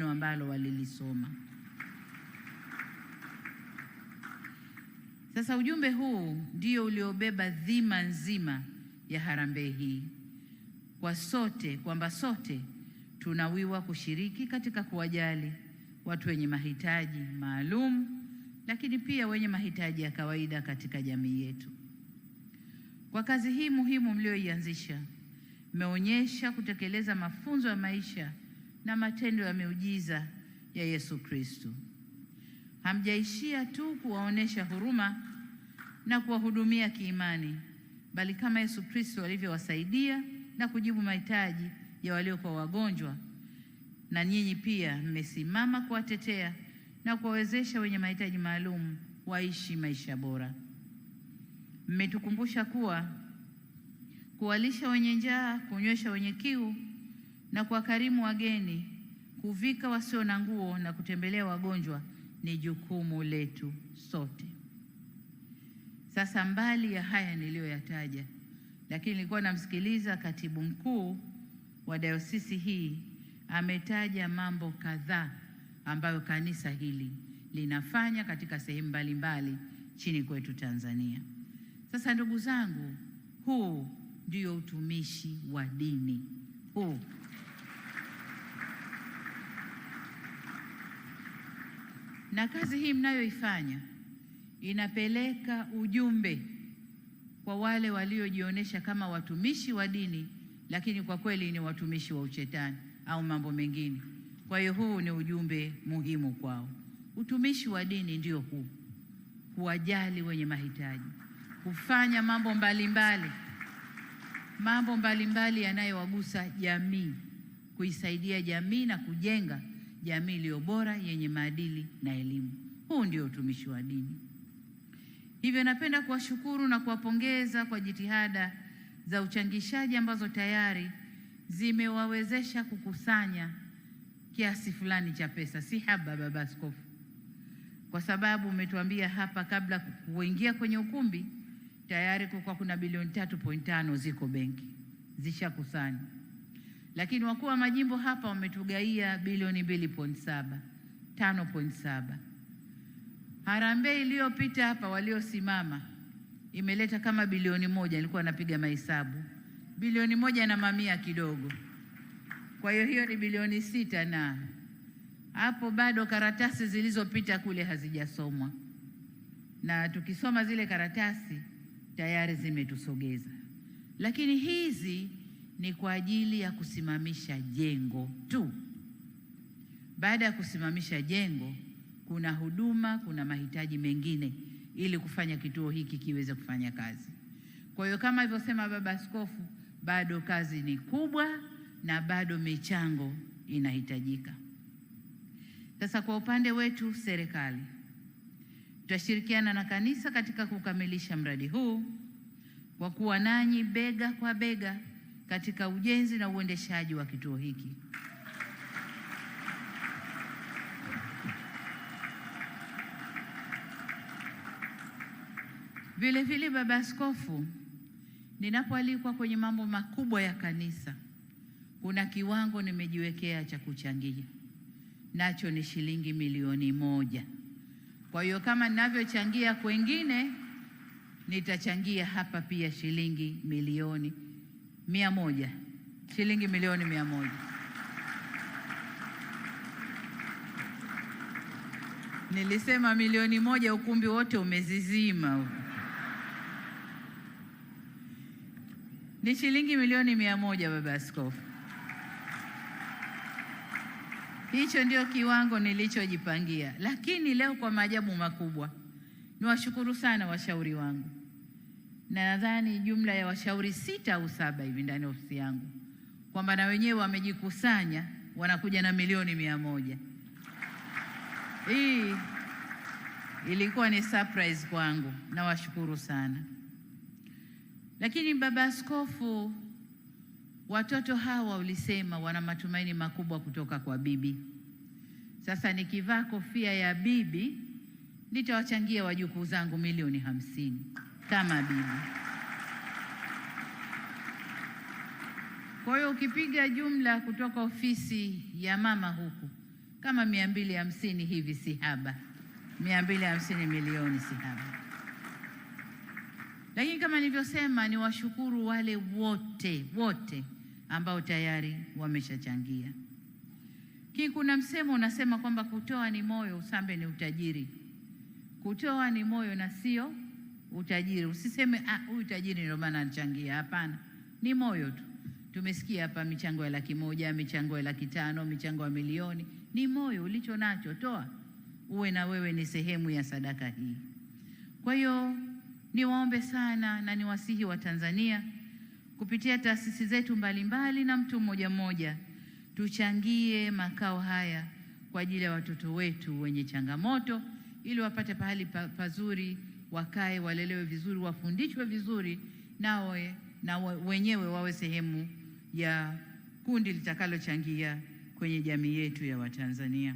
neno ambalo walilisoma. Sasa ujumbe huu ndio uliobeba dhima nzima ya harambee hii kwa sote, kwamba sote tunawiwa kushiriki katika kuwajali watu wenye mahitaji maalum, lakini pia wenye mahitaji ya kawaida katika jamii yetu. Kwa kazi hii muhimu mlioianzisha, mmeonyesha kutekeleza mafunzo ya maisha na matendo ya miujiza ya Yesu Kristo. Hamjaishia tu kuwaonesha huruma na kuwahudumia kiimani, bali kama Yesu Kristo alivyowasaidia na kujibu mahitaji ya waliokuwa wagonjwa, na nyinyi pia mmesimama kuwatetea na kuwawezesha wenye mahitaji maalum waishi maisha bora. Mmetukumbusha kuwa kuwalisha wenye njaa, kunywesha wenye kiu na kuwakarimu wageni, kuvika wasio na nguo na kutembelea wagonjwa ni jukumu letu sote. Sasa, mbali ya haya niliyoyataja, lakini nilikuwa namsikiliza katibu mkuu wa dayosisi hii, ametaja mambo kadhaa ambayo kanisa hili linafanya katika sehemu mbalimbali chini kwetu Tanzania. Sasa ndugu zangu, huu ndio utumishi wa dini huu na kazi hii mnayoifanya inapeleka ujumbe kwa wale waliojionyesha kama watumishi wa dini, lakini kwa kweli ni watumishi wa ushetani au mambo mengine. Kwa hiyo huu ni ujumbe muhimu kwao. Utumishi wa dini ndio huu, kuwajali wenye mahitaji, kufanya mambo mbalimbali mbali, mambo mbalimbali yanayowagusa jamii, kuisaidia jamii na kujenga jamii iliyo bora yenye maadili na elimu. Huu ndio utumishi wa dini. Hivyo napenda kuwashukuru na kuwapongeza kwa jitihada za uchangishaji ambazo tayari zimewawezesha kukusanya kiasi fulani cha pesa. Si haba, Baba Askofu, kwa sababu umetuambia hapa kabla kuingia kwenye ukumbi tayari kulikuwa kuna bilioni 3.5 ziko benki zishakusanya lakini wakuu wa majimbo hapa wametugaia bilioni 2.7 5.7. Harambee iliyopita hapa waliosimama imeleta kama bilioni moja, nilikuwa napiga mahesabu, bilioni moja na mamia kidogo. Kwa hiyo hiyo ni bilioni sita, na hapo bado karatasi zilizopita kule hazijasomwa, na tukisoma zile karatasi tayari zimetusogeza, lakini hizi ni kwa ajili ya kusimamisha jengo tu. Baada ya kusimamisha jengo, kuna huduma, kuna mahitaji mengine ili kufanya kituo hiki kiweze kufanya kazi. Kwa hiyo kama alivyosema Baba Askofu, bado kazi ni kubwa na bado michango inahitajika. Sasa kwa upande wetu serikali, tutashirikiana na kanisa katika kukamilisha mradi huu kwa kuwa nanyi bega kwa bega katika ujenzi na uendeshaji wa kituo hiki. Vile vile, Baba Askofu, ninapoalikwa kwenye mambo makubwa ya kanisa, kuna kiwango nimejiwekea cha kuchangia nacho ni shilingi milioni moja. Kwa hiyo kama ninavyochangia kwengine, nitachangia hapa pia shilingi milioni mia moja shilingi milioni mia moja Nilisema milioni moja, ukumbi wote umezizima. Ni shilingi milioni mia moja, baba askofu. Hicho ndio kiwango nilichojipangia, lakini leo kwa maajabu makubwa, niwashukuru sana washauri wangu na nadhani jumla ya washauri sita au saba hivi ndani ya ofisi yangu kwamba na wenyewe wamejikusanya wanakuja na milioni mia moja. Hii ilikuwa ni surprise kwangu, nawashukuru sana. Lakini baba askofu, watoto hawa ulisema wana matumaini makubwa kutoka kwa bibi. Sasa nikivaa kofia ya bibi nitawachangia wajukuu zangu milioni hamsini kama bibi. Kwa hiyo ukipiga jumla kutoka ofisi ya mama huku kama mia mbili hamsini hivi, si haba, mia mbili hamsini milioni si haba. Lakini kama nilivyosema, ni washukuru wale wote wote ambao tayari wameshachangia. Kii, kuna msemo unasema kwamba kutoa ni moyo, usambe ni utajiri. Kutoa ni moyo na sio utajiri. Usiseme ah, huyu tajiri ndio maana anachangia, hapana, ni moyo tu. Tumesikia hapa michango ya laki moja, michango ya laki tano, michango ya milioni. Ni moyo ulicho nacho, toa uwe na wewe ni sehemu ya sadaka hii. Kwa hiyo niwaombe sana na niwasihi wa Tanzania kupitia taasisi zetu mbalimbali na mtu mmoja mmoja, tuchangie makao haya kwa ajili ya watoto wetu wenye changamoto ili wapate pahali pazuri wakae, walelewe vizuri, wafundishwe vizuri, nawe na wenyewe wawe sehemu ya kundi litakalochangia kwenye jamii yetu ya Watanzania.